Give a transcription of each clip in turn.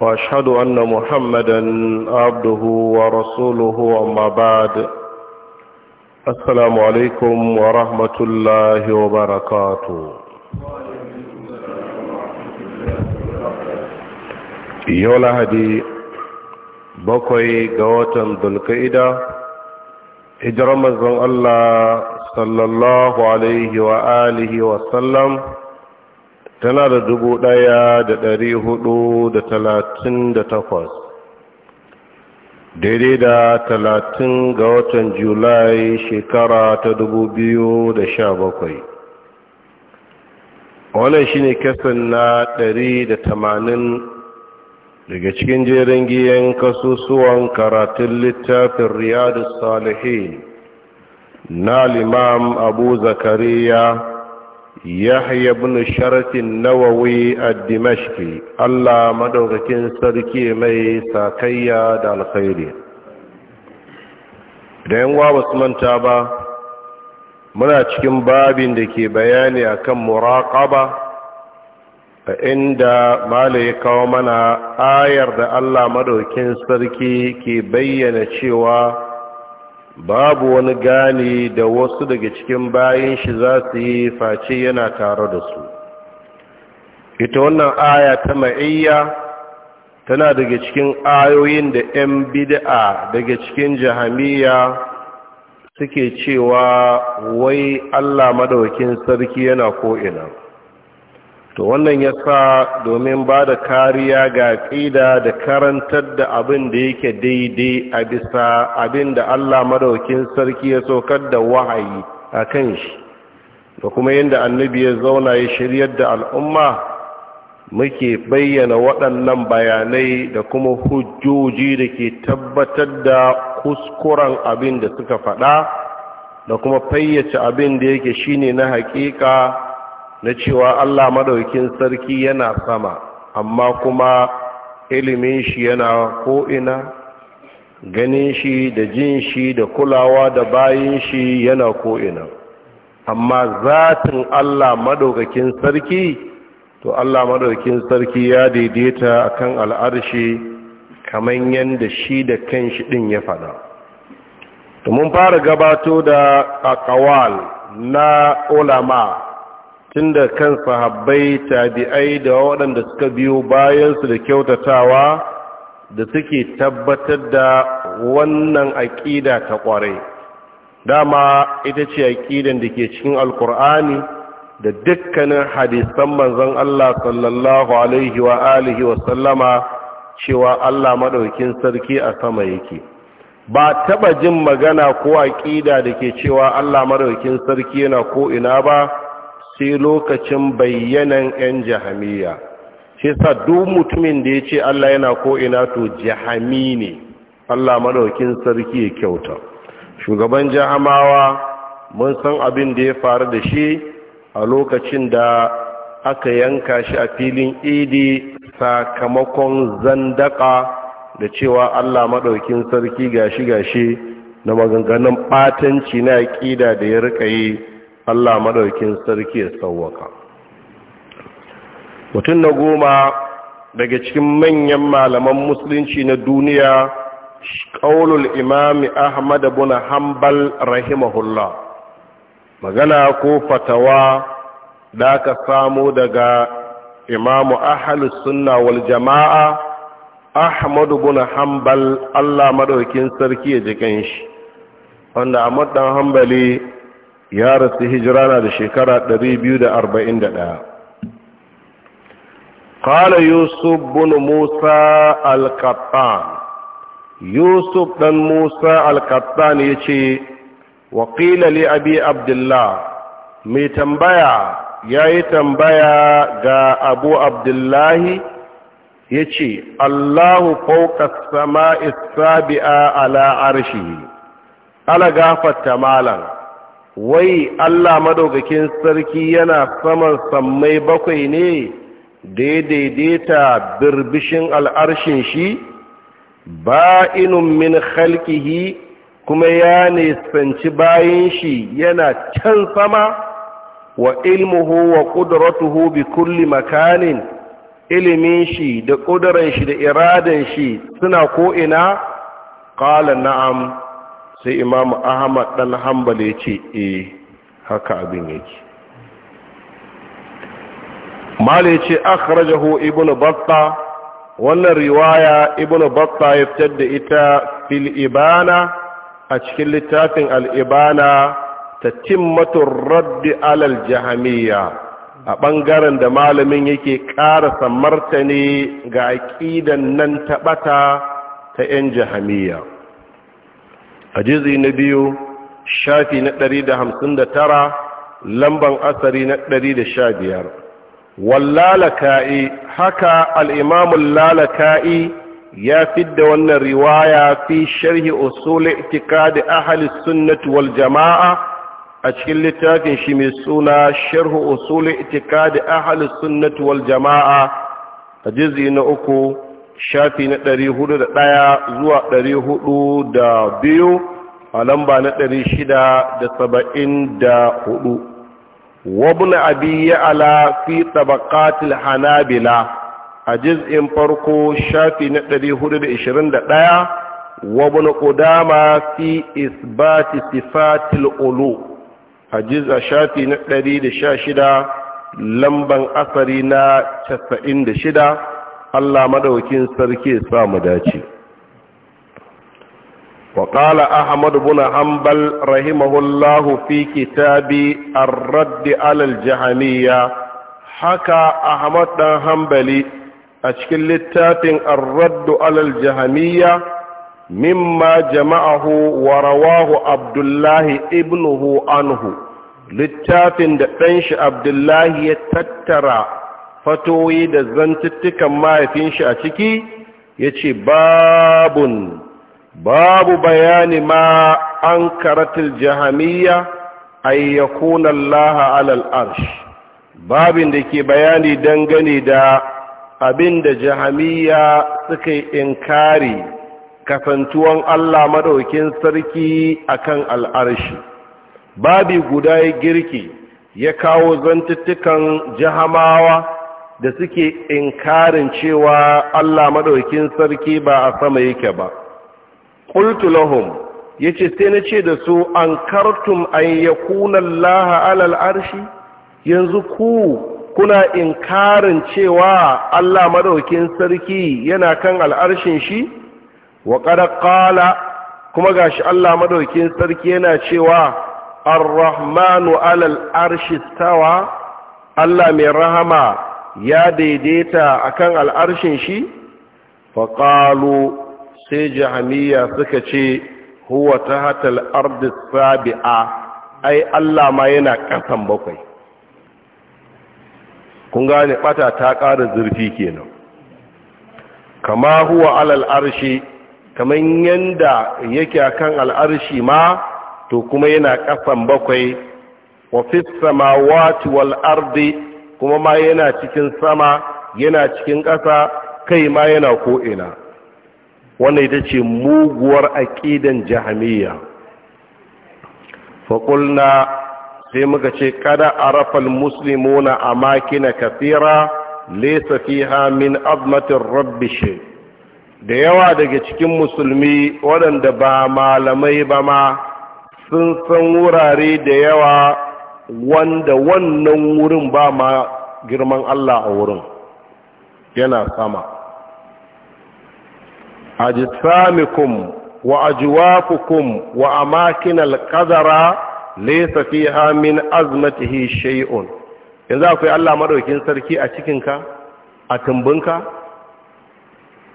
واشهد ان محمدا عبده ورسوله اما بعد السلام عليكم ورحمه الله وبركاته يولا هدي بكوي غوتن ذو القعده هجر الله صلى الله عليه واله وسلم tana da dubu ɗaya da ɗari hudu da talatin da takwas daidai da talatin ga watan julai shekara ta dubu biyu da sha bakwai wannan shine kasan na ɗari da tamanin daga cikin jerin giyan kasusuwan karatun littafin riyadu salihin na limam abu zakariya yahya ibn sharatin nawawi a dimashki allah maɗaukakin sarki mai sakayya da alkhairi da yan wa manta ba muna cikin babin da ke bayani akan muraqaba a inda mala ya kawo mana ayar da allah maɗaukakin sarki ke bayyana cewa babu wani gane da wasu daga cikin bayan shi za su yi face yana tare da su ita wannan aya ta ma'iyya tana daga cikin ayoyin da 'yan bid'a daga cikin jahamiya suke cewa wai allah madawakin sarki yana ko'ina to wannan ya sa domin ba da kariya ga ƙida da karantar da abin da yake daidai a bisa abin da Allah madaukin sarki ya saukar da wahayi a kan shi da kuma yadda annabi ya zauna ya shiryar da al'umma muke bayyana waɗannan bayanai da kuma hujjoji da ke tabbatar da kuskuren abin da suka faɗa da kuma fayyace abin da yake shine na haƙiƙa na cewa Allah madaukin sarki yana sama amma kuma ilimin shi yana ko'ina ganin shi da jin shi da kulawa da bayin shi yana ko'ina amma zatin Allah madaukakin sarki to Allah madaukakin sarki ya daidaita akan al'arshi kaman yanda shi da kanshi din ya fada to mun fara gabato da aqwal na ulama Tunda kan sahabbai tabi'ai da waɗanda suka biyo bayansu da kyautatawa da suke tabbatar da wannan aƙida ta ƙwarai dama ita ce aƙidan da ke cikin alkur'ani da dukkanin hadisan manzon Allah sallallahu alaihi wa alihi wa sallama cewa Allah maɗaukin sarki a sama yake ba taɓa jin magana ko aƙida da ke cewa Allah Madaukin sarki yana ko ina ba sai lokacin bayyanan 'yan jahamiya shi sa duk mutumin da ya ce Allah yana ko'ina to jahami ne Allah maɗaukin sarki ya kyauta shugaban jahamawa mun san abin da ya faru da shi a lokacin da aka yanka shi a filin idi sakamakon zandaka da cewa Allah maɗaukin sarki gashi-gashi na maganganun ɓatanci na ƙida da ya riƙa yi Allah madaukin sarki ya sauwaka mutum na goma daga cikin manyan malaman musulunci na duniya ƙaulul imami ahmad ibn hanbal rahimahullah magana ko fatawa da aka samu daga imamu ahlus sunna wal jama'a ahmad ibn hanbal Allah madaukin sarki ya jikan shi wanda Ahmad dan Hanbali ya rasu hijira na da shekara 241 Kala yusuf bin musa al-qattan yusuf dan musa al-qattan yace wa qila li abi abdullah mai tambaya yayi tambaya ga abu abdullahi yace allahu fawqa sama samai as ala arshihi ala gafarta malam. wai Allah madaukakin sarki yana saman sammai bakwai ne da ya daidaita birbishin al'arshin shi inun min halkihi kuma ya nisanci bayan shi yana can sama wa ilmuhu wa ƙudurotuhu bi kulli makanin ilimin shi da ƙudurar shi da iradan shi suna ko'ina ƙala na'am sai imamu ahmad dan hanbal ya ce eh haka abin yake mal ya ce akhrajahu ibnu batta wannan riwaya ibnu batta ya fitar da ita fil ibana a cikin littafin al-ibana tatimmatur raddi alal jahamiyya a ɓangaren da malamin yake ƙarasa martani ga aƙidan nan taɓata ta 'yan jahamiyya a na biyu shafi na ɗari da hamsin da tara lamban asari na ɗari da sha biyar wallalaka'i haka al'imamun lalaka'i ya fidda wannan riwaya fi sharhi usul itikadi ahli sunnati wal jama'a a cikin littafin shi mai suna sharhu usul itikadi ahli sunnati wal jama'a a jizi na uku shafi na ɗari hudu da ɗaya zuwa ɗari hudu da biyu a lamba na ɗari shida da saba'in da hudu wabna abi ya ala fi tabakatil hanabila a jiz'in farko shafi na ɗari hudu da ishirin da ɗaya wabna ƙudama fi isbati sifatil ulu a jiz'a shafi na ɗari da sha shida lamban asari na casa'in da shida Allah madaukin sarki sa mu dace wa qala ahmad ibn hanbal rahimahullahu fi kitabi ar-radd 'ala al-jahmiyya haka ahmad dan hanbali a cikin littafin ar-radd 'ala al-jahmiyya mimma jama'ahu wa rawahu abdullahi ibnuhu anhu littafin da ɗanshi abdullahi ya tattara fatoyi da zantuttukan mahaifin shi a ciki ya ce babun babu bayani ma an karatul jahamiya ayyakun Allah alal arsh babin da ke bayani dangane da abin da jahamiya suka yi inkari kasantuwan Allah madaukin sarki akan al'arshi babi guda ya girki ya kawo zantuttukan jahamawa da suke inkarin cewa Allah madaukin sarki ba a sama yake ba qultu lahum yace sai na ce da su an kartum an yakuna Allah alal arshi yanzu ku kuna inkarin cewa Allah madaukin sarki yana kan al'arshin shi wa qad qala kuma gashi Allah madaukin sarki yana cewa ar-rahmanu alal arshi stawa Allah mai rahama ya daidaita akan al'arshin shi faƙalo sai jahamiya suka ce huwa ta hatal ardis sabi'a ai Allah ma yana ƙasan bakwai kun gane ɓata ta ƙara zurfi kenan kama huwa alal arshi kaman yanda yake akan al'arshi ma to kuma yana ƙasan bakwai wa fi samawati wal ardi kuma ma yana cikin sama yana cikin ƙasa kai ma yana ko'ina wannan ita ce muguwar aƙidan jahamiya faƙulna sai muka ce kada a rafal musulmuna a makina kafira lesa fiha min rabbi, rabbishe da yawa daga cikin musulmi waɗanda ba malamai ba ma sun san wurare da yawa wanda wannan wurin ba ma girman Allah a wurin yana sama ajisamikum wa ajwafukum wa amakin alqadara laysa fiha min azmatihi shay'un yanzu akwai Allah madaukin sarki a cikinka a ka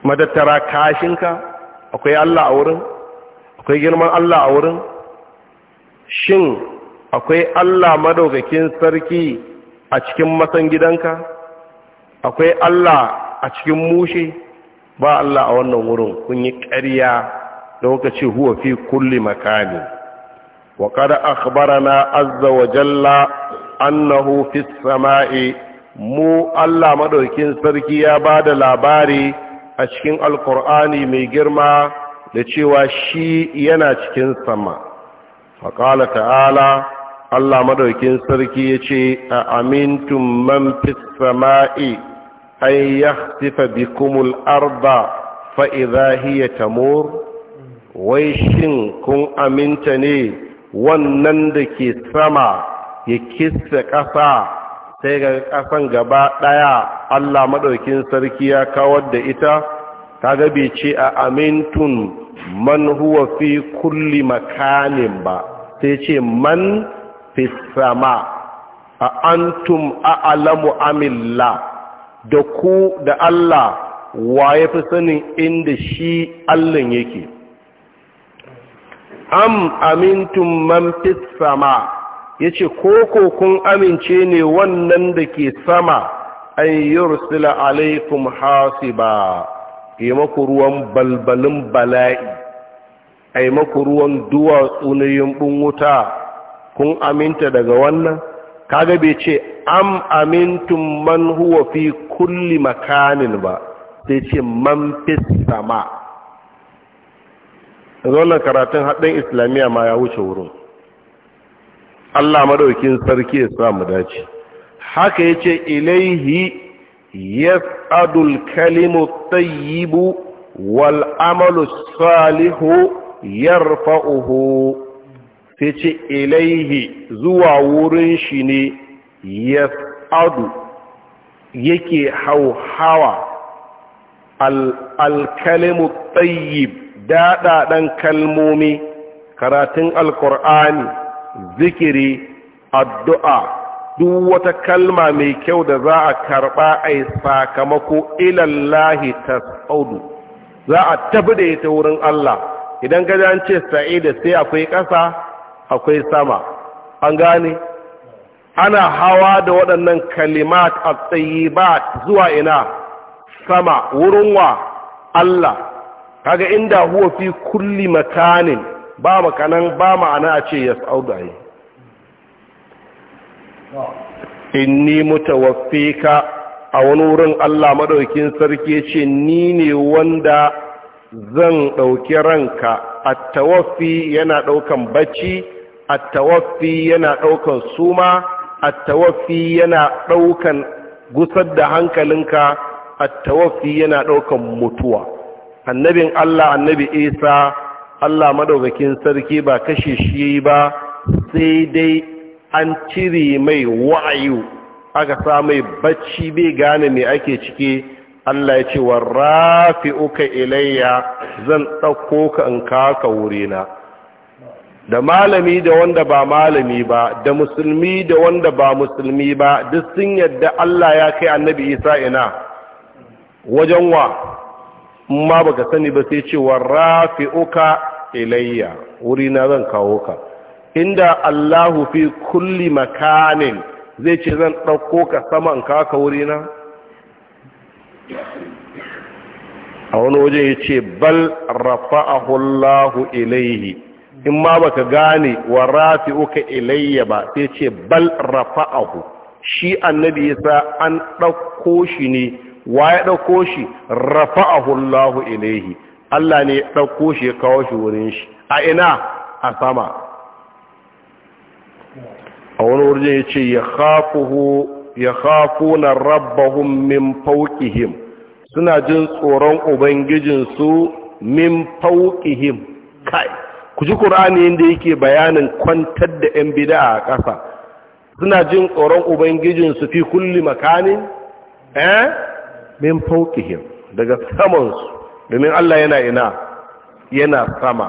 madattara kashinka akwai Allah a wurin akwai girman Allah a wurin shin akwai Allah madaukakin sarki a cikin masan gidanka akwai Allah a cikin mushe ba Allah a wannan wurin kun yi ƙarya da kuka ce huwa fi kulli makani wa qad akhbarana azza wa jalla annahu fi sama'i mu Allah madaukakin sarki ya bada labari a cikin alqur'ani mai girma da cewa shi yana cikin sama faqala ta'ala Allah madaukin sarki ya ce a amintun man fis sama'i an yahtifa bikumul arda fa idza hiya tamur wai shin kun aminta ne wannan da ke sama ya kissa ƙasa sai ga ƙasan gaba ɗaya Allah madaukin sarki ya kawar da ita kaga bai ce a amintun man huwa fi kulli makanin ba sai ce man fi sama a antum a'lamu amilla da ku da Allah wa ya fi sanin inda shi Allah yake am amintum man fi sama yace koko kun amince ne wannan da ke sama an yursila alaikum hasiba yi maku ruwan balbalin bala'i a yi maku ruwan duwatsu na yumbin wuta kun aminta daga wannan kaga bai ce am amintum man huwa fi kulli makanin ba sai ce man fi sama zonan karatun haɗin islamiyya ma ya wuce wurin Allah madaukin sarki ya sa mu dace haka yace ilaihi yas'adul kalimu tayyibu wal amalu salihu yarfa'uhu sai ce ilaihi zuwa wurin shi ne ya adu yake hauhawa alkalimu tsayib daɗaɗen kalmomi karatun alkur'ani zikiri addu'a duk wata kalma mai kyau da za a karɓa a yi sakamako ilallahi ta tsaudu za a tafi da ita wurin Allah idan gajan ce sa'ida sai akwai ƙasa akwai sama an gane ana hawa da waɗannan kalimat a tsayi ba zuwa ina sama wurin wa Allah kaga inda huwa fi kulli makanin ba makanan ba ma'ana a ce ya sauda yi inni ka a wani wurin Allah maɗaukin sarki ce ni ne wanda zan ɗauki ranka a tawafi yana ɗaukan bacci attawaffi yana ɗaukan suma attawaffi yana ɗaukan gusar da hankalinka attawaffi yana ɗaukan mutuwa annabin Allah annabi Isa Allah madaukakin sarki ba kashe shi ba sai dai an cire mai wa'ayu aka sa mai bacci bai gane me ake ciki Allah ya ce wa rafi'uka ilayya zan ɗauko ka in ka wurina da malami da wanda ba malami ba da musulmi da wanda ba musulmi ba duk sun yadda Allah ya kai annabi isa ina wajen wa ma baka sani ba sai cewa rafi'uka ilayya wuri na zan kawo ka inda Allahu fi kulli makanin zai ce zan ɗauko ka saman kaka ka wuri na a wani waje ya ce bal rafa'ahu Allahu ilayhi in ma ba ka gane wa rafi uka ilayya ba sai ce bal rafa'ahu shi annabi ya sa an ɗauko shi ne wa ya ɗauko shi rafa'ahu Allah ilayhi Allah ne ya dauko shi ya kawo shi wurin shi a ina a sama a wani wurin ya ce ya khafuhu ya khafuna rabbahum min fawqihim suna jin tsoron ubangijinsu min fawqihim kai ku ji ƙura'ani yadda yake bayanin kwantar da 'yan bida a ƙasa suna jin tsoron ubangijinsu fi kulli makanin eh min fauqihim daga samansu domin Allah yana ina yana sama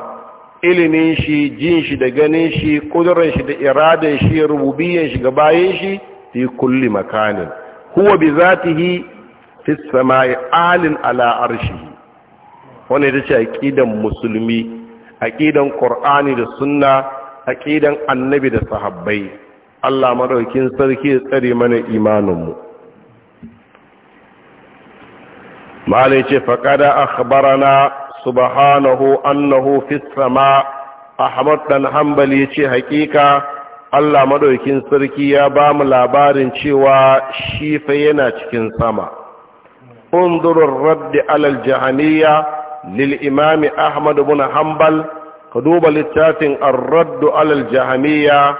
ilimin shi jin shi da ganin shi kudurin shi da iradar shi rububiyar shi ga bayan shi fi kulli makanin huwa bi zatihi fi samai alin ala arshihi wani ita ce aqidan musulmi aqidan qur'ani da sunna aƙidan annabi da sahabbai Allah madaukin sarki ya tsare mana imaninmu malai ce a akhbarana subhanahu annahu fis ahmad dan ya yace hakika Allah madaukin sarki ya ba mu labarin cewa shi fa yana cikin sama unzurur raddi alal jahaniya lil imami ahmad ibn hanbal ka duba littafin ar-radd alal jahamiyya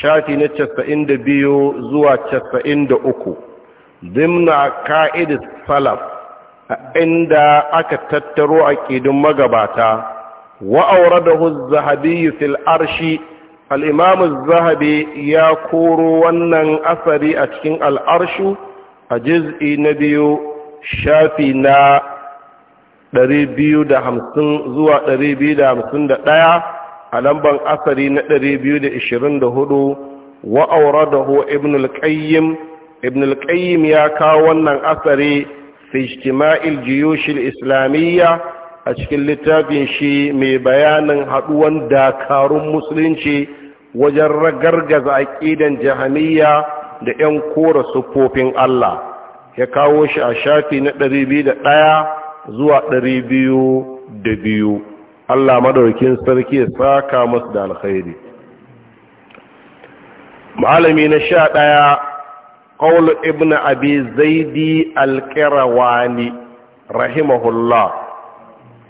shafi na 92 zuwa 93 dimna ka'id salaf inda aka tattaro a aqidun magabata wa awradahu az-zahabi fil arshi zahabi ya koro wannan asari a cikin al a juz'i na biyu shafi na hamsin zuwa 251 a lamban asari na 224 wa auradahu ibn al-qayyim ibn al-qayyim ya kawo wannan asari fi ijtima'il islamiyya a cikin littafin shi mai bayanin haɗuwan dakarun musulunci wajen ragargaza aqidan jahamiyya da 'yan kora sufofin Allah ya kawo shi a shafi na ɗaya. zuwa ɗari biyu da biyu Allah madaukin sarki ya saka masu da alkhairi malami na sha ɗaya ƙaunar ibn abi zaidi alƙirawani rahimahullah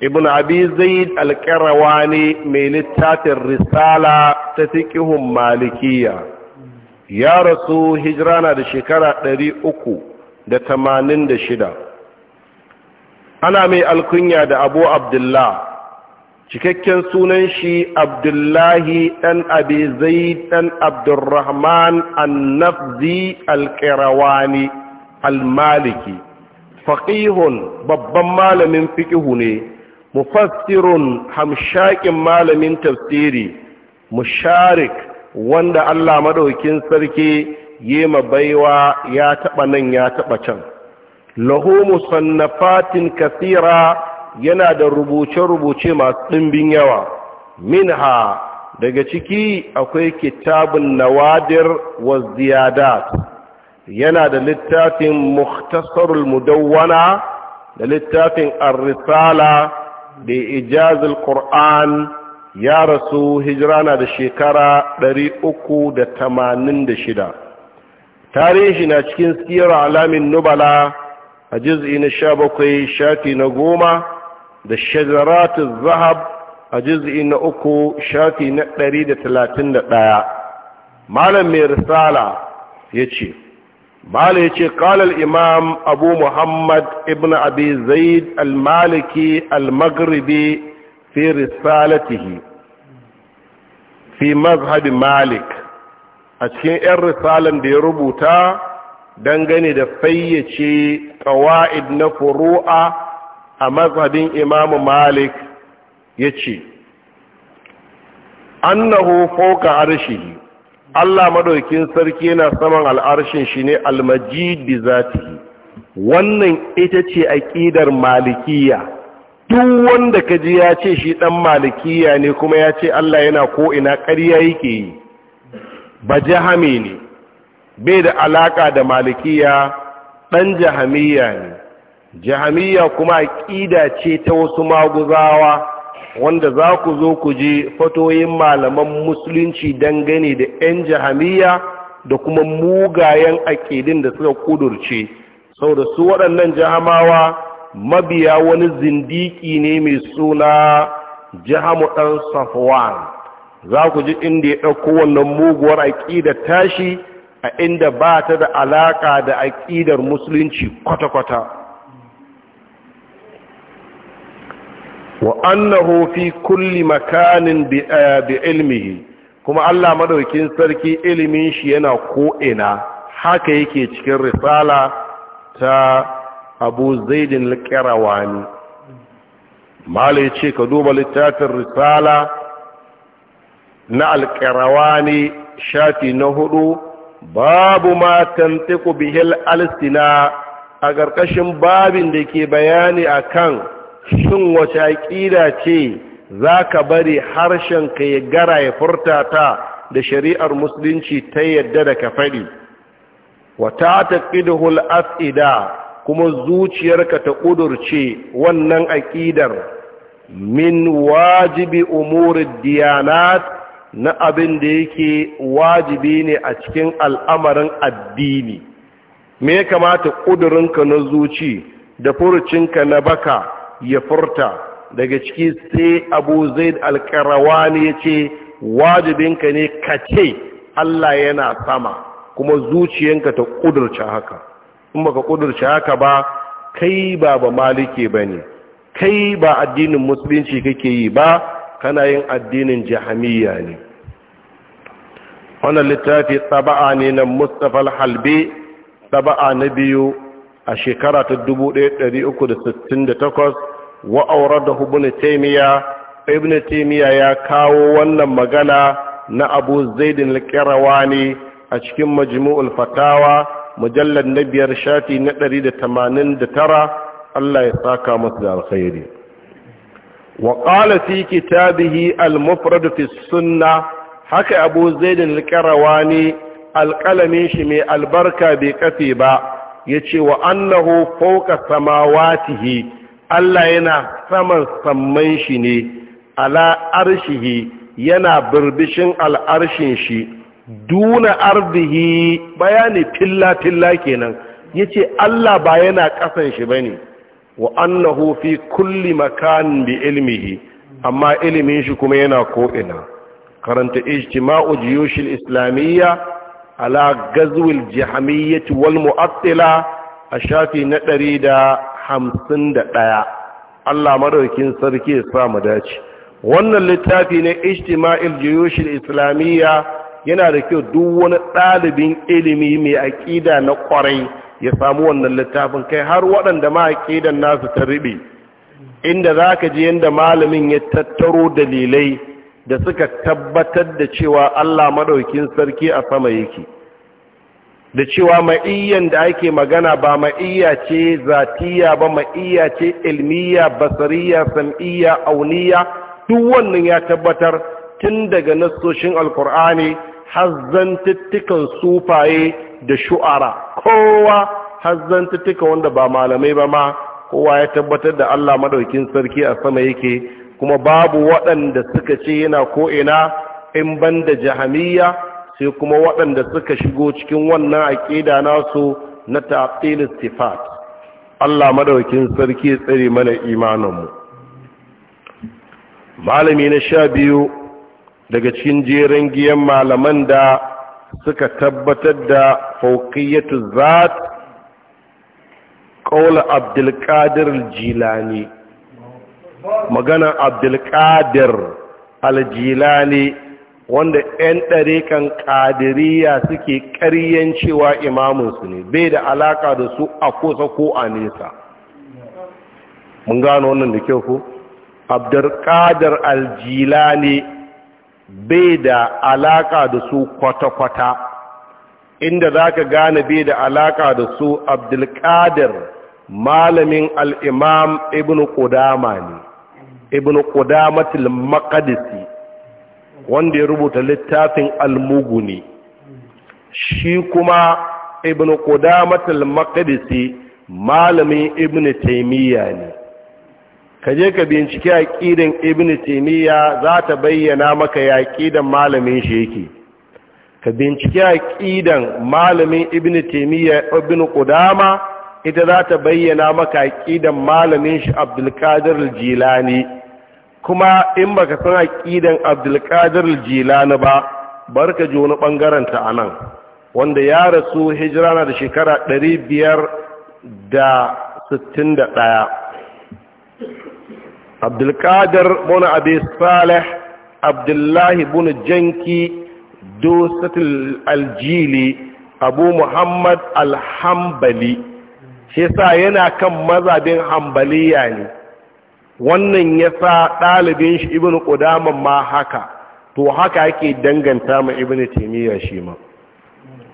ibn abi zaid alƙirawani mai littafin risala ta fiƙihun malikiya ya rasu na da shekara ɗari uku da tamanin da shida ana mai alkunya da abu abdullah cikakken sunan shi abdullahi ɗan abi zai ɗan abdurrahman annafzi alƙirawani almaliki faƙihun babban malamin fiƙihu ne mufassirun hamshakin malamin tafsiri musharik wanda allah maɗaukin sarki yema baiwa ya taɓa nan ya taɓa can lahu musannafatin kathira yana da rubuce-rubuce masu ɗimbin yawa minha daga ciki akwai kitabun nawadir wa ziyadat yana da littafin muhtasarul mudawwana da littafin ar-risala da ijazul qur'an ya rasu hijirana da shekara 386 tarihi na cikin siyar alamin nubala a juz'i na sha bakwai shafi na goma da shajaratun zahab a juz'i na uku shafi na ɗari da talatin da ɗaya malam mai risala ya ce malam ya ce ƙalar imam abu muhammad ibn abi zaid al-maliki al-maghribi fi risalatihi fi mazhabi malik a cikin 'yan risalan da ya rubuta dangane da fayyace ƙawa'id na furu'a a mazhabin imamu malik ya ce annahu fauka arshi Allah madaukin sarki yana saman al'arshin shi ne almajidi zati wannan ita ce aƙidar malikiya duk wanda ka ji ya ce shi ɗan malikiya ne kuma ya ce Allah yana ko'ina ina ƙarya yake yi ba jahame ne bai da alaka da malikiya ɗan jahamiya ne jahamiya kuma aƙida ce ta wasu maguzawa wanda za ku zo ku je fatoyin malaman musulunci dangane da 'yan jahamiya da kuma mugayen aƙidin da suka kudurce da su waɗannan jahamawa mabiya wani zindiki ne mai suna jahamu ɗan safwan za ku ji inda ya ɗauko wannan muguwar aƙida tashi a inda ba ta da alaka da aƙidar musulunci kwata-kwata wa fi kulli makanin eh, bi ilmihi kuma Allah madaukin sarki ilimin shi yana ko'ina haka yake cikin risala ta abu zaidin alƙirawani malai ce ka duba littafin risala na ne shafi na hudu babu ma tantiku bihil alsina a ƙarƙashin babin da ke bayani a kan shin wace aƙida ce za ka bari harshen ka ya gara ya furta ta da shari'ar musulunci ta yadda da ka faɗi wata ta taƙidul as'ida kuma zuciyarka ta ƙudurce wannan aƙidar min wajibi umurid diyanat na abin da yake wajibi ne a cikin al'amarin addini me ya kamata ƙudurinka na zuci da furucinka na baka ya furta daga ciki sai abu zaid ne ya ce wajibinka ne ka ce allah yana sama kuma zuciyanka ta ƙudurci haka in ka ƙudurci haka ba kai ba ba malike ba ne kai ba addinin musulunci kake yi ba kana yin addinin jahamiya ne wannan littafi tsaba'a ne na mustapha al-halbi tsaba'a na biyu a shekara ta 1368 wa auradahu ibn taymiya ibn taymiya ya kawo wannan magana na abu zaidin al ne a cikin majmu'ul fatawa mujallar na biyar shafi na 189 Allah ya saka masu da alkhairi wa qala fi kitabihi al-mufrad haka abu zaidin alƙarawa ne alƙalamin shi mai albarka bai kafe ba ya ce wa annahu fauka samawatihi Allah yana saman samman shi ne ala arshihi yana birbishin al'arshin shi duna ardihi bayani filla-filla kenan yace Allah ba yana ƙasan shi ba ne wa annahu fi kulli makan bi ilmihi amma ilimin shi kuma yana ko'ina karanta ijtima'u jiyushil islamiyya ala gazwil jahamiyyati wal mu'attila a shafi na ɗari da hamsin da ɗaya Allah madaukin sarki ya sa mu dace wannan littafi ne ijtima'il jiyushil islamiyya yana da kyau duk wani ɗalibin ilimi mai aƙida na ƙwarai ya samu wannan littafin kai har waɗanda ma aƙidan nasu ta riɓe inda za ka ji yadda malamin ya tattaro dalilai da suka tabbatar da cewa Allah maɗaukin sarki a sama yake da cewa ma'iyyan da ake magana ba ma'iyya ce zatiya ba ma'iyya ce ilmiya basariya sam'iya, auniya duk wannan ya tabbatar tun daga nassoshin alkur'ani hazzantuttukan sufaye da shu'ara kowa hazzantuttuka wanda ba malamai ba ma kowa ya tabbatar da Allah maɗaukin sarki a sama yake kuma babu waɗanda suka ce yana ko'ina in ban da jahamiyya sai kuma waɗanda suka shigo cikin wannan aƙida nasu na ta'afilis istifat Allah maɗaukin sarki tsare mana imaninmu malami na sha biyu daga cikin jerin giyan malaman da suka tabbatar da fauqiyatu zat ƙaula abdulkadir jilani magana abdulkadir aljilani wanda 'yan ɗarikan ƙadiriya suke ƙaryen cewa imaminsu ne bai da alaka da su a kusa ko a nesa mun gano wannan da kyau ku abdulkadir aljilani bai da alaka da su kwata-kwata inda za ka gane bai da alaka da su abdulkadir malamin al'imam ibn Ƙudama ne ibn qudamatul maqdisi wanda ya rubuta littafin al muguni shi kuma ibn qudamatul maqdisi malamin ibn taymiya ne kaje ka bincike aqidan ibn taymiya za ta bayyana maka ya aqidan malamin shi yake ka bincike aqidan malamin ibn taymiya ibn qudama ita za ta bayyana maka aqidan malamin shi abdul qadir al-jilani kuma in baka san aqidan Abdulkadir Jilani ba barka ji wani bangaren ta anan wanda ya rasu hijira na da shekara 561 Abdulkadir bin Abi Salih Abdullahi bin Janki Dosatul Aljili Abu Muhammad Al-Hambali shi yasa yana kan mazabin Hambaliya ne wannan ya sa ɗalibin shi ibini ƙudaman ma haka to haka ake danganta ma ibini taimiyya shi ma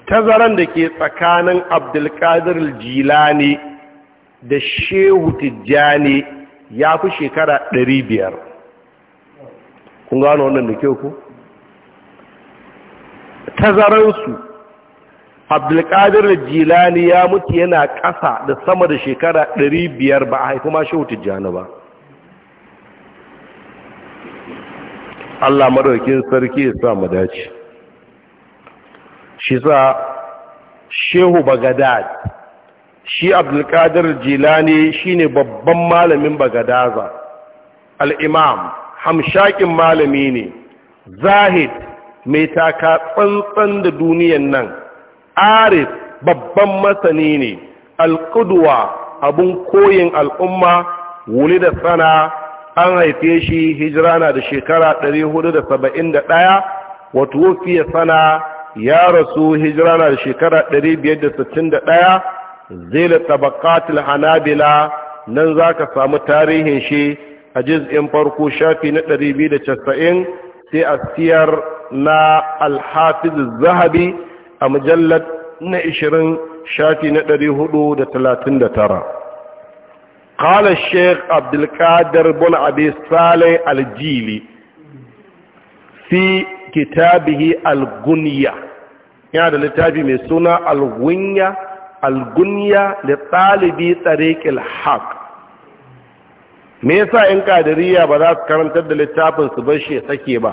tazaran da ke tsakanin abdulkadir jilani da shehu tijjani ya fi shekara ɗari biyar. kun gano wannan da kyau ku tazaransu abdulkadir jilani ya mutu yana ƙasa da sama da shekara ɗari biyar ba a haifi ma shehu tijjani ba Allah madaukin sarki ya sa mu dace shi sa shehu bagadad shi abdulkadir jilani shine babban malamin bagadaza al-imam hamshakin malami ne zahid mai taka tsantsan da duniyan nan arif babban masani ne al-qudwa abun koyin al'umma wuli da sana an haife shi hijira na da shekara 471 wato wufiya sana ya rasu hijira na da shekara 561 zai tabakatul hanabila nan za ka samu tarihin shi a jiz'in farko shafi na 290 sai a siyar na alhafiz zahabi a mujallar na 20 shafi na 439 قال الشيخ عبد القادر بن أبي صالح الجيلي في كتابه الغنية يعني لتابي من سنة الغنية الغنية لطالبي طريق الحق me yasa in kadiriya ba za su karantar da littafin su bar shi sake ba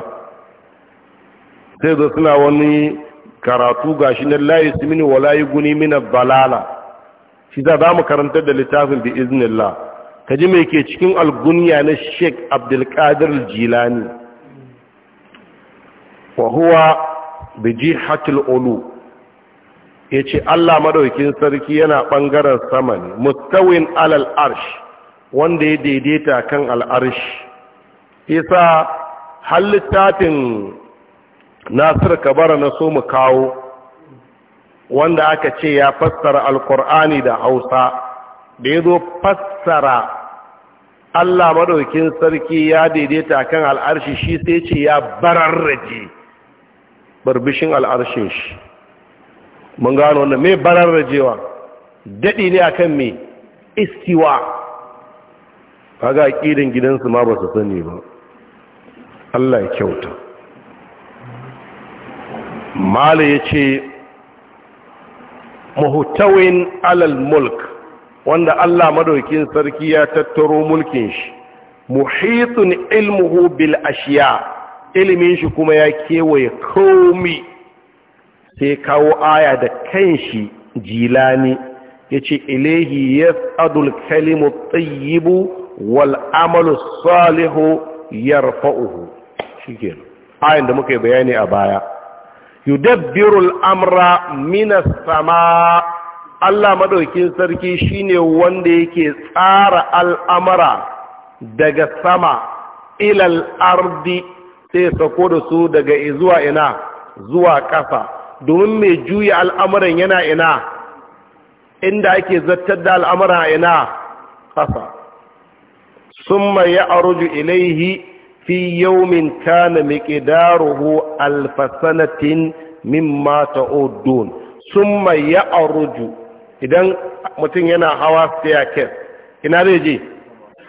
sai zo suna wani karatu gashi na layi su mini wala yi guni mina balala shi za za mu karanta da littafin bi iznillah ka ji mai ke cikin algunya na sheik abdulkadir jilani wa huwa bi jihatul ulu ya ce allah maɗaukin sarki yana ɓangaren sama ne mustawin alal arsh wanda ya daidaita kan al'arsh isa har littafin nasir kabara na so mu kawo wanda aka ce ya fassara alkur'ani da hausa da ya zo fassara allah maɗaukin sarki ya daidaita kan al'arshi shi sai ce ya bararraje barbishin al'arshin shi mun gano wanda mai bararrajewa daɗi ne akan mai istiwa ga ƙirin gidansu ma ba su sani ba allah ya kyauta mala ya ce muhtawin alal mulk wanda Allah madaukin sarki ya tattaro mulkin shi muhitun ilmuhu bil ashiya ilimin shi kuma ya kewaye komi sai kawo aya da kanshi jilani yace ilahi yas'adul kalimu tayyibu wal amalu salihu yarfa'uhu shikenan ayin da muka yi bayani a baya yudabbirul amra minas sama Allah madaukin sarki shine wanda yake tsara al'amara daga sama ilal ardi sai sako da su daga zuwa ina zuwa ƙasa domin mai juya al'amuran yana ina inda ake zartar da al'amura ina ƙasa sun ya aruju ilaihi fi yawmin kana miqdaruhu alf sanatin mimma ta'udun summa ya'ruju idan mutum yana hawa staircase ina zai je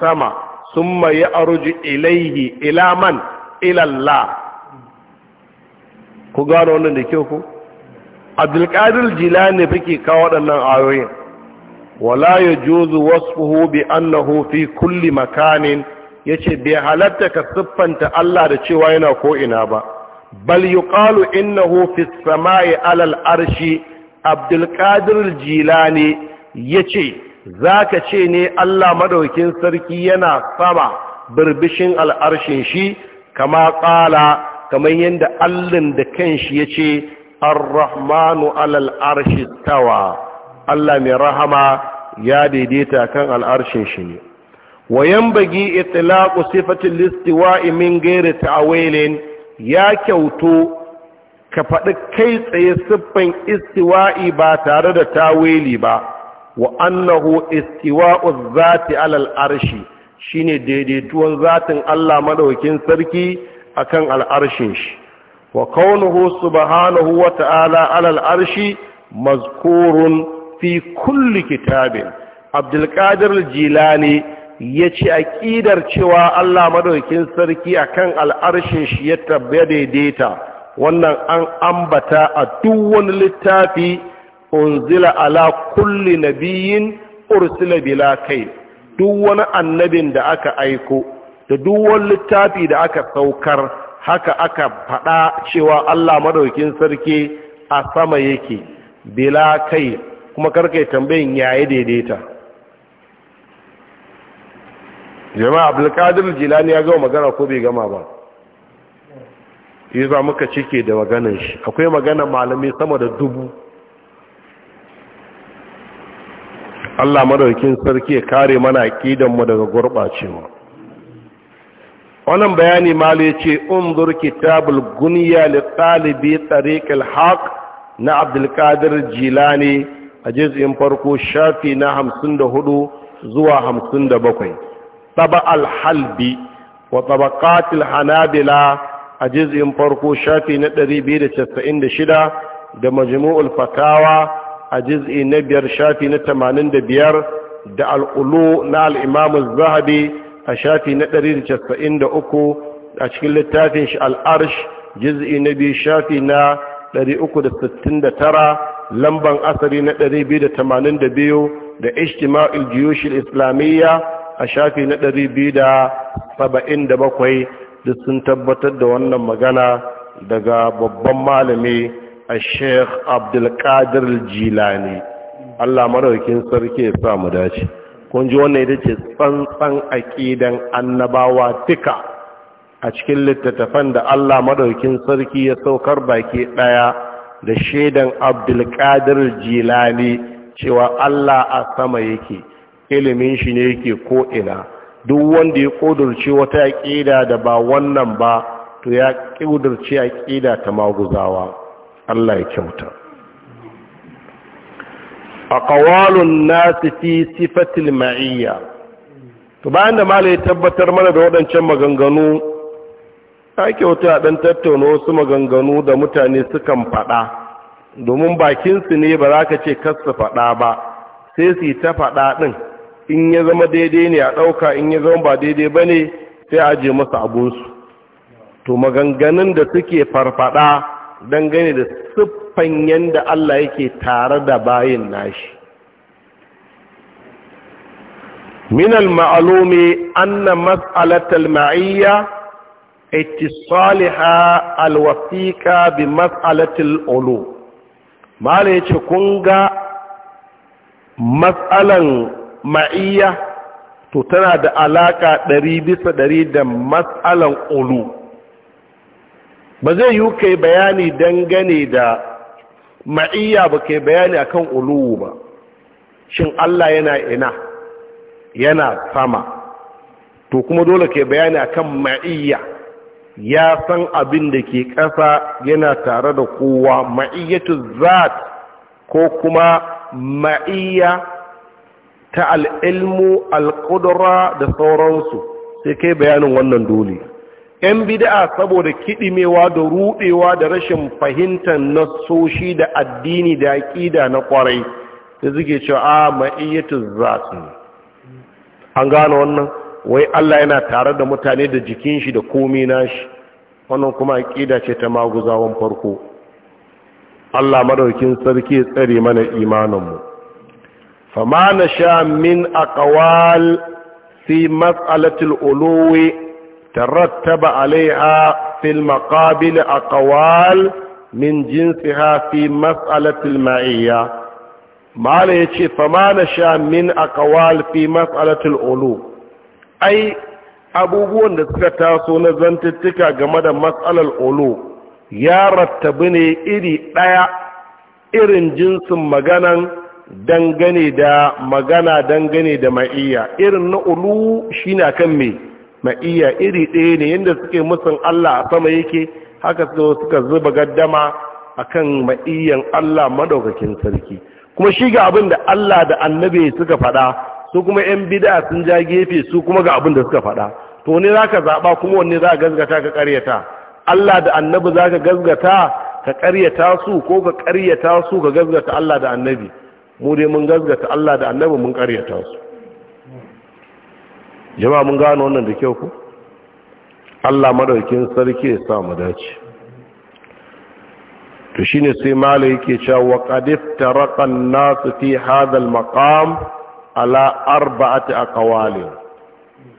sama summa ya'ruju ilaihi ila man ila Allah ku gano wannan da kyau ku abdulkadir jilani fike kawo waɗannan ayoyin wala ya juzu wasfuhu bi annahu fi kulli makanin ya ce bai halatta ka siffanta Allah da cewa yana ko'ina ba bal yi ƙalu innahu fi samaye alal arshi abdulkadir jilani ya ce za ka ce ne Allah madaukin sarki yana sama birbishin al'arshin shi kama ƙala kamar yadda allin da shi ya ce arrahmanu rahmanu alal arshi tawa Allah mai rahama ya daidaita kan al'arshin shi ne wa yanbaghi itlaqu sifati al-istiwa'i min ghairi ta'wilin ya kyauto ka faɗi kai tsaye siffan istiwa'i ba tare da tawili ba wa annahu istiwa'u zati alal arshi shine daidaituwan zatin Allah maɗaukin sarki akan al'arshin shi wa kaunuhu subhanahu wa ta'ala alal arshi mazkurun fi kulli kitabin abdul qadir jilani ya ce aƙidar cewa Allah madaukin sarki a kan al'arshin shi ya tabbe daidaita wannan an ambata a duk wani littafi unzila ala kulli nabiyin ursila bila kai duk wani annabin da aka aiko da duk wani littafi da aka saukar haka aka faɗa cewa Allah madaukin sarki a sama yake bila kai kuma karkai tambayin yayi daidaita jama'a abdulkadir jilani ya gama magana ko bai gama ba yi za muka cike da magana shi akwai magana malami sama da dubu Allah madaukin sarki ya kare mana mu daga gurbacewa wannan bayani malu yace unzur kitabul gunya li talibi tariq haq na abdul qadir jilani a jizin farko shafi na 54 zuwa 57 taba halbi wa tabaqatil hanabila a jiz'in farko shafi na 296 da majmu'ul fatawa a jiz'i na biyar shafi na 85 da al'ulu na al'imamu zahabi a shafi na 193 a cikin littafin shi al'arsh jiz'i na biyu shafi na 369 lamban asari na 282 da ishtima'il jiyushil islamiyya a shafi na ɗari biyu da saba'in da bakwai duk sun tabbatar da wannan magana daga babban malami a sheikh abdulkadir jilani allah maraukin sarki ya sa mu dace kun ji wannan ita ce tsantsan aƙidan annabawa duka a cikin littattafan da allah maraukin sarki ya saukar baki ɗaya da shaidan abdulkadir jilani cewa allah a sama yake ilimin shi ne yake ko duk wanda ya kodurce wata aqida da ba wannan ba to ya kodurce aqida ta maguzawa Allah ya kyauta aqwalun nas fi sifatil ma'iyya to bayan da ya tabbatar mana da waɗancan maganganu ya kyauta dan tattauna wasu maganganu da mutane sukan faɗa domin bakinsu ne ba za ka ce kar su faɗa ba sai su yi ta faɗa ɗin in ya zama daidai ne a ɗauka in ya zama ba daidai ba ne sai a je masa abunsu to maganganun da suke farfada dangane da siffan yadda Allah yake tare da bayin nashi من المعلوم أن مسألة المعية اتصالها الوثيقة بمسألة العلوم ما ليش كونغا مسألة ma'iyya to tana da alaka ɗari bisa ɗari da matsalan ulu ba zai yi kai bayani dangane da ma'iyya ba kai bayani akan ulu ba shin Allah yana ina yana sama to kuma dole kai bayani akan ma'iyya ya san abin da ke ƙasa yana tare da kowa ma'iyyatu zat ko kuma ma'iyya ta al'ilmu alƙudura da sauransu sai kai bayanin wannan doli. ‘yan bida'a saboda kiɗimewa da ruɗewa da rashin fahimtar nasoshi da addini da ƙida na ƙwarai ta zuke cewa a ma'iyyatun za su an gano wannan wai Allah yana tare da mutane da jikin shi da komi nashi wannan kuma aƙida ce ta maguzawan farko Allah madaukin sarki ya tsare mana imaninmu فما نشاء من أقوال في مسألة الألو ترتب عليها في المقابل أقوال من جنسها في مسألة المعية ما ليش فما نشاء من أقوال في مسألة الألو أي abubuwan da suka taso na zantattuka game da matsalar olo ya rattabu ne iri ɗaya irin jinsin maganan dangane da magana dangane da ma'iyya irin na ulu shi na kan mai ma'iyya iri ɗaya ne yadda suke musan Allah a sama yake haka suka zuba gaddama a kan ma'iyyan Allah madaukakin sarki kuma shi ga abin da Allah da annabi suka faɗa su kuma 'yan bida sun ja gefe su kuma ga abin da suka faɗa to ne za ka zaɓa kuma wanne za ka gazgata ka ƙaryata Allah da annabi za ka gazgata ka karyata su ko ka ƙaryata su ka gazgata Allah da annabi mu dai mun gazgata Allah da annabi mun karyata su jama'a mun gano wannan da kyau ku Allah madaukin sarki ya sa mu dace to shine sai malai yake cewa wa qad iftaraqa an-nas fi hadha al-maqam ala arba'ati aqwali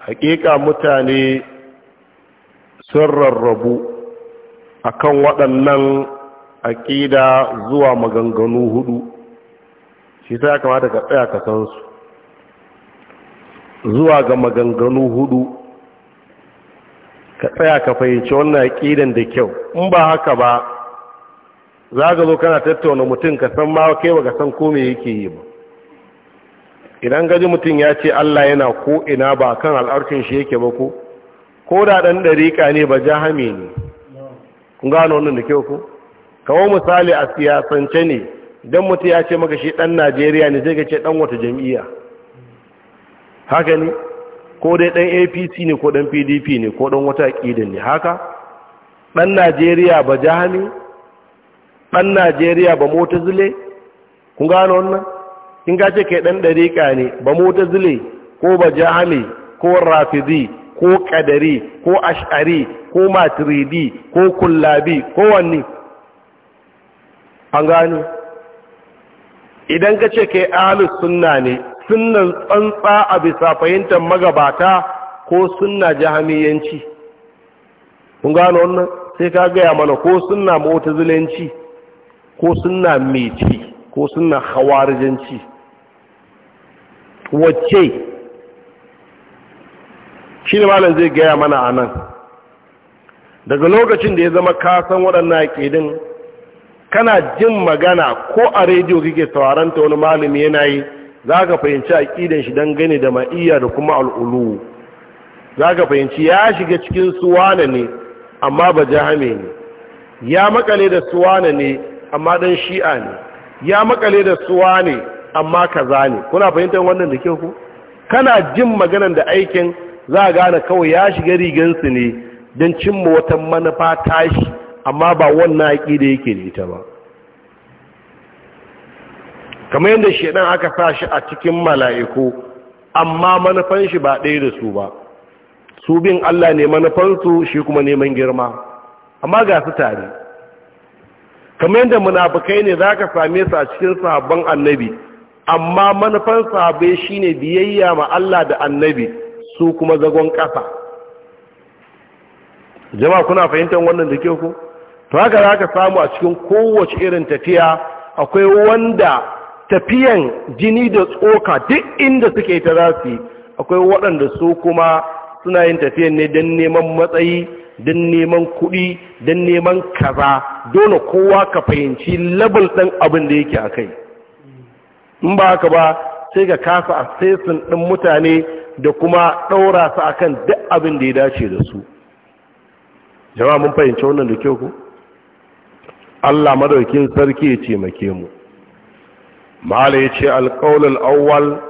haqiqa mutane sun rarrabu akan waɗannan aƙida zuwa maganganu hudu shi ta ya kamata ka tsaya ka san su zuwa ga maganganu hudu ka tsaya ka fahimci wannan aƙidan da kyau in ba haka ba za ka zo kana tattauna mutum ka san ma kai ba ka san ko yake yi ba idan gaji mutum ya ce Allah yana ko ina ba kan al'arkin shi yake ba ko ko da ɗan ɗariƙa ne ba jahami ne kun gano wannan da kyau ko kawo misali a siyasance ne don mutu ya ce maka shi ɗan najeriya ne zai ga ce ɗan wata jam'iyya haka ne ko dai ɗan apc ne ko ɗan pdp ne ko ɗan wata ƙidan ne haka ɗan najeriya ba jami ɗan najeriya ba mota zile kun gano wannan in ka ce kai ɗan ɗariƙa ne ba mota zile ko ba jami ko rafizi ko kadari ko ash'ari ko matridi ko kullabi ko wanne an gano idan ka ce ke ahlus sunna ne sunnan tsantsa a bisa fahimtar magabata ko sunna jahamiyanci kun gano wannan sai ka gaya mana ko sunna zulenci ko sunna meci ko sunna khawarijanci wacce shi ne malam zai gaya mana a nan daga lokacin da ya zama kasan waɗannan aƙidin kana jin magana ko a rediyo kike sauraron ta wani malami yana yi za ka fahimci aƙidan shi don gani da ma'iyya da kuma al'ulu za ka fahimci ya shiga cikin suwana ne amma ba jahame ne ya makale da suwana ne amma ɗan shi'a ne ya makale da suwa ne amma kaza ne kuna fahimtar wannan da ku kana jin maganan da aikin za a gane kawai ya shiga rigansu ne don cimma wata manufa tashi amma ba wannan aƙida yake da ita ba kamar yadda shedan aka sa shi a cikin mala'iku amma manufan shi ba ɗaya da su ba su bin Allah ne manufansu shi kuma neman girma amma ga su tare kamar yadda munafukai ne za ka same su a cikin sahabban annabi amma manufan sahabai shi ne biyayya ma Allah da annabi su kuma zagon ƙasa jama'a kuna fahimtar wannan da ke ku? to haka za ka samu a cikin kowace irin tafiya akwai wanda tafiyan jini da tsoka duk inda suke ta za su yi akwai waɗanda su kuma suna yin tafiyan ne don neman matsayi don neman kuɗi don neman kaza dole kowa ka fahimci labal ɗin abin da yake a kai in ba haka ba sai ka kasa assessin ɗin mutane da kuma ɗaura su kan duk abin da ya dace da su jama'a mun fahimci wannan da kyau ku Allah madaukin sarki ya ce make mu mala ya ce alƙaunar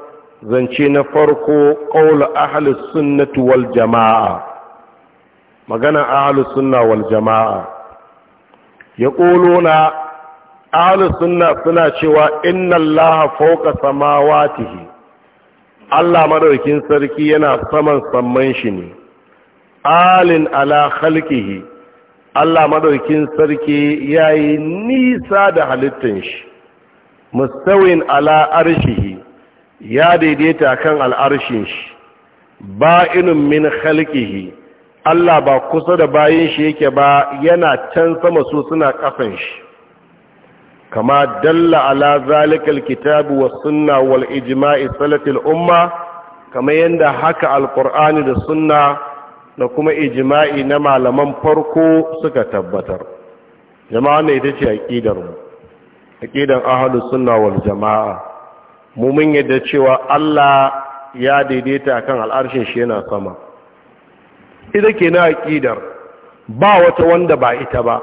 zance na farko ƙaunar ahalus sunnatu wal jama'a magana ahalus sunna wal jama'a ya ƙolo na sunna suna cewa inna allaha fauka samawatihi Allah madaukin sarki yana saman samman shi ne alin ala khalqihi Allah madaukin sarki ya yi nisa da halittin shi musawin ala arshihi ya daidaita kan al'arshin shi ba'inun min khalqihi Allah ba kusa da bayin shi yake ba yana can sama su suna kafan shi kama dalla ala zalikal kitabu wa suna wal ijma'i salatil umma kama yanda haka alqur'ani da sunna da kuma ijima'i na malaman farko suka tabbatar jama'a ne ita ce aƙidar mu aƙidar sunna wal jama'a mu mun yadda cewa Allah ya daidaita akan al'arshin shi yana sama ita na aqidar ba wata wanda ba ita ba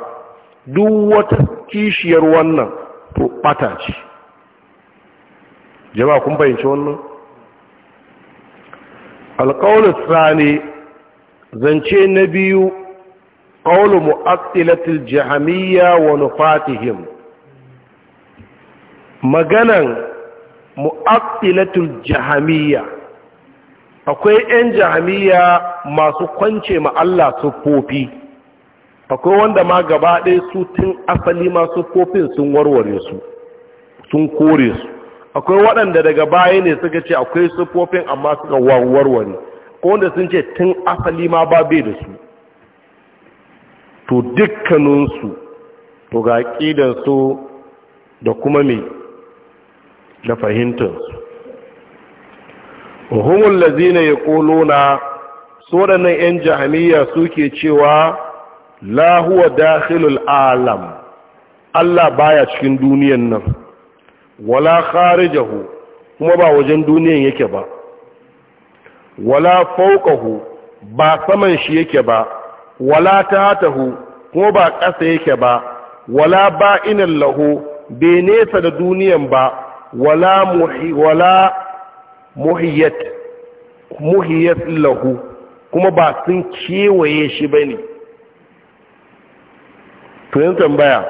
duk wata kishiyar wannan to bata ce jama'a kun fahimci wannan alƙawlus sani zance na biyu ƙaunar mu'attilatul jihamiya wa nufatihim maganan mu'attilatul jahamiyya akwai 'yan jihamiya masu kwance ma Allah fofi, akwai wanda ma gaba ɗaya su tun asali masu fofin sun warware su sun kore su akwai waɗanda daga baya ne suka ce akwai sufofin amma suka warware ko wanda sun ce tun asali ma ba bai da su to dukkaninsu to ga ƙidansu da kuma mai da fahimtansu humul lazina ya ƙolo su tsoronin 'yan jahamiya suke cewa lahuwa dakhilul alam Allah baya cikin duniyan nan wala kharijahu kuma ba wajen duniyan yake ba wala fauqahu ba saman shi yake ba wala tatahu kuma ba ƙasa yake ba wala ba'inan lahu bai nesa da duniyan ba wala muhi wala muhiyat lahu kuma ba sun kewaye shi ba ne. Tunin tambaya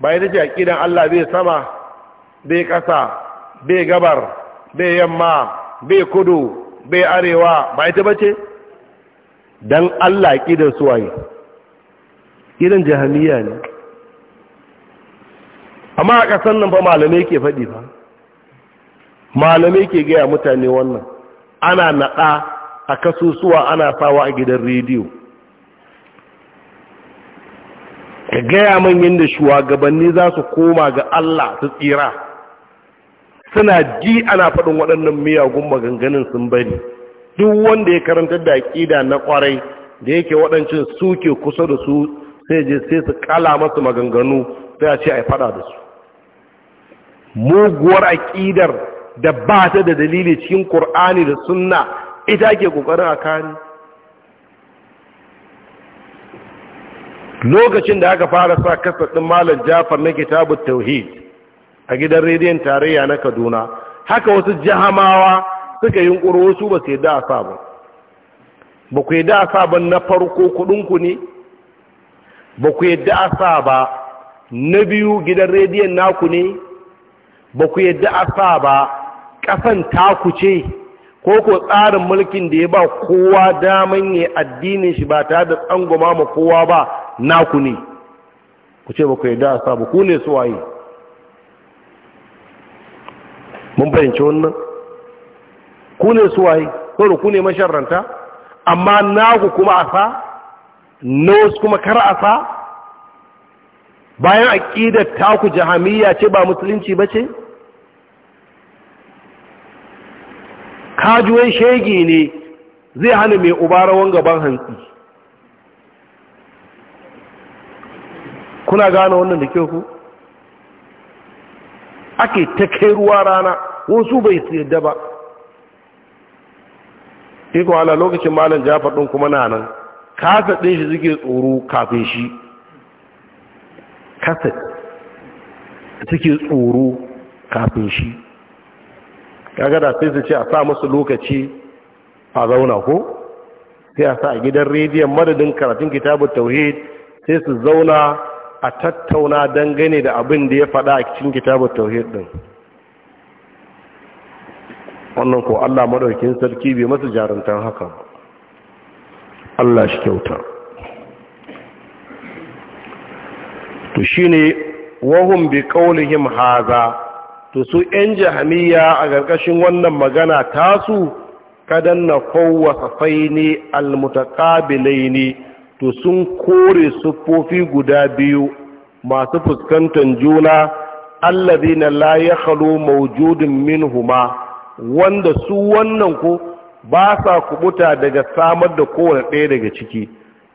bai da jakidan Allah zai sama bai ƙasa bai gabar bai yamma bai kudu bai arewa ba ita ba ce don Allah ƙidan suwaye ƙidan jahiliya ne amma a ƙasar nan ba malamai ke faɗi ba malamai ke gaya mutane wannan ana naɗa a kasusuwa ana sawa a gidan rediyo ka gaya man yadda shugabanni za su koma ga Allah su tsira suna ji ana faɗin waɗannan miyagun maganganun sun bari duk wanda ya karantar da aƙida na ƙwarai da yake waɗancin suke kusa da su sai je sai su kala masu maganganu sai a ce a yi faɗa da su muguwar aƙidar da ba ta da dalili cikin ƙur'ani da sunna ita ke ƙoƙarin a kari lokacin da aka fara sa kasar ɗin malar jafar na kitabun tauhid a gidan rediyon tarayya na kaduna haka wasu jahamawa suka yi wasu ba su yadda a sa ba ba ku yadda a sa ba na farko kudinku ne ba ku yadda a sa ba na biyu gidan rediyon naku ne ba ku yadda a sa ba ƙasan taku ce ko ko tsarin mulkin da ya ba kowa daman ya addinin shi ba ta da tsangoma ma kowa ba naku ne ku ce ba ku yadda a sa ba ku ne su waye mun bayyance wannan ku ne suwaye kawai ku ne masharranta amma naku kuma a sa na wasu kuma kar a sa bayan aƙidar taku jahamiya ce ba musulunci ba ce kajuwan shege ne zai hana mai ubarawan gaban hantsi kuna gane wannan da kyau ku ake ta kai ruwa rana wasu bai yadda ba iko ala lokacin malam jafar ɗin kuma na nan kasa din shi suke tsoro kafin shi kasa suke tsoro kafin shi kaga da sai su ce a sa musu lokaci a zauna ko sai a sa a gidan rediyon madadin karatun kitabun tauhid sai su zauna a tattauna dangane da abin da ya faɗa a cikin kitabun tauhid ɗin wannan ko Allah madaukin sarki bai masa jaruntan haka Allah shi kyauta to shine wahum bi qaulihim haza to su yan jahamiya a ƙarƙashin wannan magana tasu kadan na kowwa safaini almutaqabilaini to sun kore sufofi guda biyu masu fuskantar juna allazina la yakhlu mawjudun minhuma wanda su wannan ko ba sa kubuta daga samar da kowane ɗaya daga ciki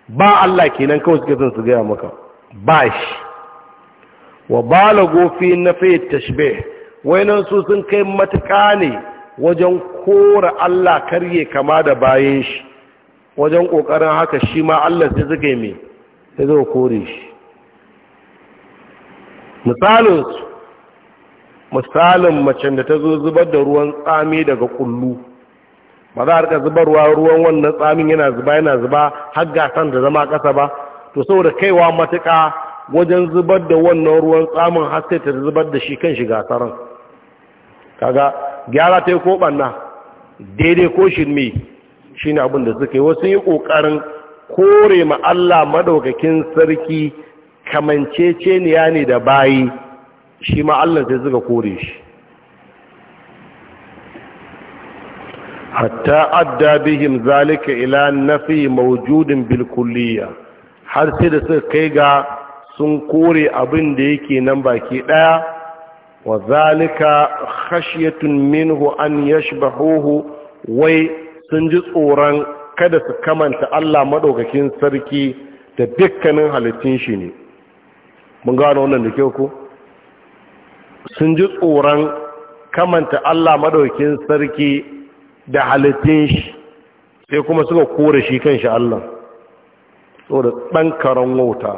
ba Allah kenan kawai suke son su gaya maka ba shi wa balago na nafi tashbih wayanan su sun kai matuka ne wajen kora Allah karye kama da bayan shi wajen ƙoƙarin haka shi ma Allah sai suka yi mai sai zai kore shi misalinsu misalin macen da ta zo zubar da ruwan tsami daga kullu ba za a rika zubarwa ruwan wannan tsamin yana zuba yana zuba har gasan da zama kasa ba to saboda kaiwa matuƙa wajen zubar da wannan ruwan tsamin har sai ta zubar da shi kan shi tsaron. kaga gyara ta yi ko ɓanna daidai ko shirme shi ne abin da suka yi wasu yi ƙoƙarin kore ma Allah maɗaukakin sarki kamanceceniya ne da bayi shi ma Allah sai suka kore shi hatta adda bihim zalika ila nafi mawjudin bil kulliya har sai da suka kai ga sun kore abin da yake nan baki daya wa zalika khashyatun minhu an yashbahuhu wai sun ji tsoron kada su kamanta Allah madaukakin sarki da dukkanin halittun shi ne mun gano wannan da kyau ko sun ji tsoron kamanta Allah maɗaukin sarki da halittun shi sai kuma suka kore shi kan shi Allah da ɗan karon wauta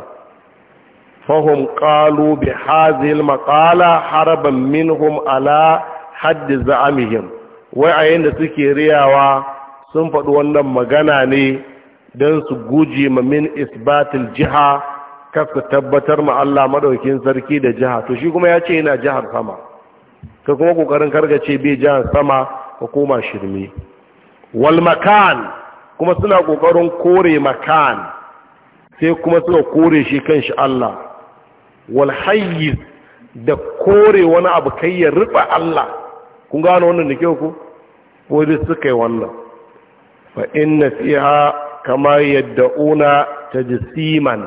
fahim ƙalu bi hazil maƙala haraban minhum ala haddi za'amihim wai a yin da suke riyawa sun faɗi wannan magana ne don su guji ma min isbatil jiha kasu tabbatar ma Allah madaukin sarki da jiha to shi kuma ya ce yana jihar sama ka kuma kokarin kargace bai jihar sama ka koma shirme wal makan kuma suna kokarin kore makan sai kuma suka kore shi kanshi Allah wal hayyiz da kore wani abu kai ya rufa Allah kun gano wannan da kyau ku wani suka yi wannan fa inna fiha kama una tajsiman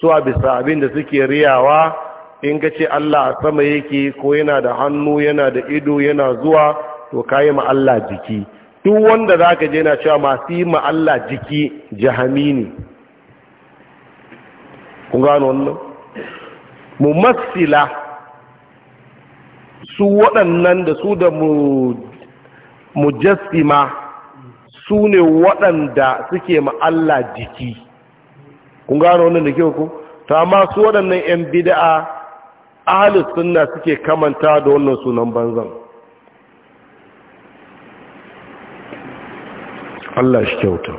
su a bisa abin da suke riyawa in ka ce Allah a sama yake ko yana da hannu yana da ido yana zuwa to ka yi Allah jiki duk wanda za ka je na cewa masu yi Allah jiki jihami ne kun gano wannan mu matsila su waɗannan da su da mu jasima su ne waɗanda suke ma Allah jiki kun gano wannan da kyau ku ta amma su waɗannan 'yan bida'a ahli sunna suke kamanta da wannan sunan banzan Allah shi kyauta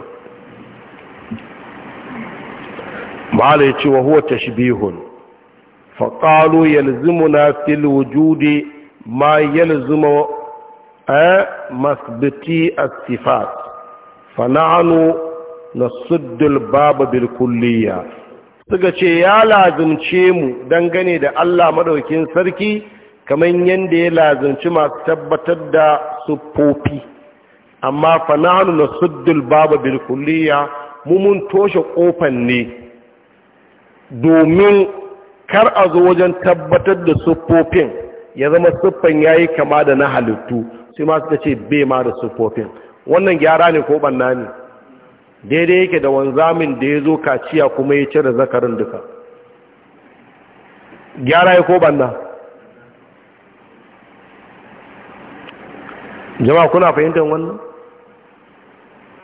ma'ala ya ce wa huwa tashbihun qalu yalzimuna fil wujudi ma yalzuma a eh, masbiti as-sifat fa na'anu na suddul babu bilkulliya suka ce ya lazimce mu dangane da Allah maɗaukin sarki kamar yadda ya lazimci masu tabbatar da siffofi amma fananu na suddul babu bilkulliya mun toshe ƙofan ne domin kar a zo wajen tabbatar da siffofin ya zama siffan ya yi kama da na halittu sai masu suka ce bai ma da siffofin wannan gyara ne ko ɓanna ne daidai yake da wanzamin da ya zo kaciya kuma ya cire zakarin duka gyara ya ko banna jama'a kuna fahimtar wannan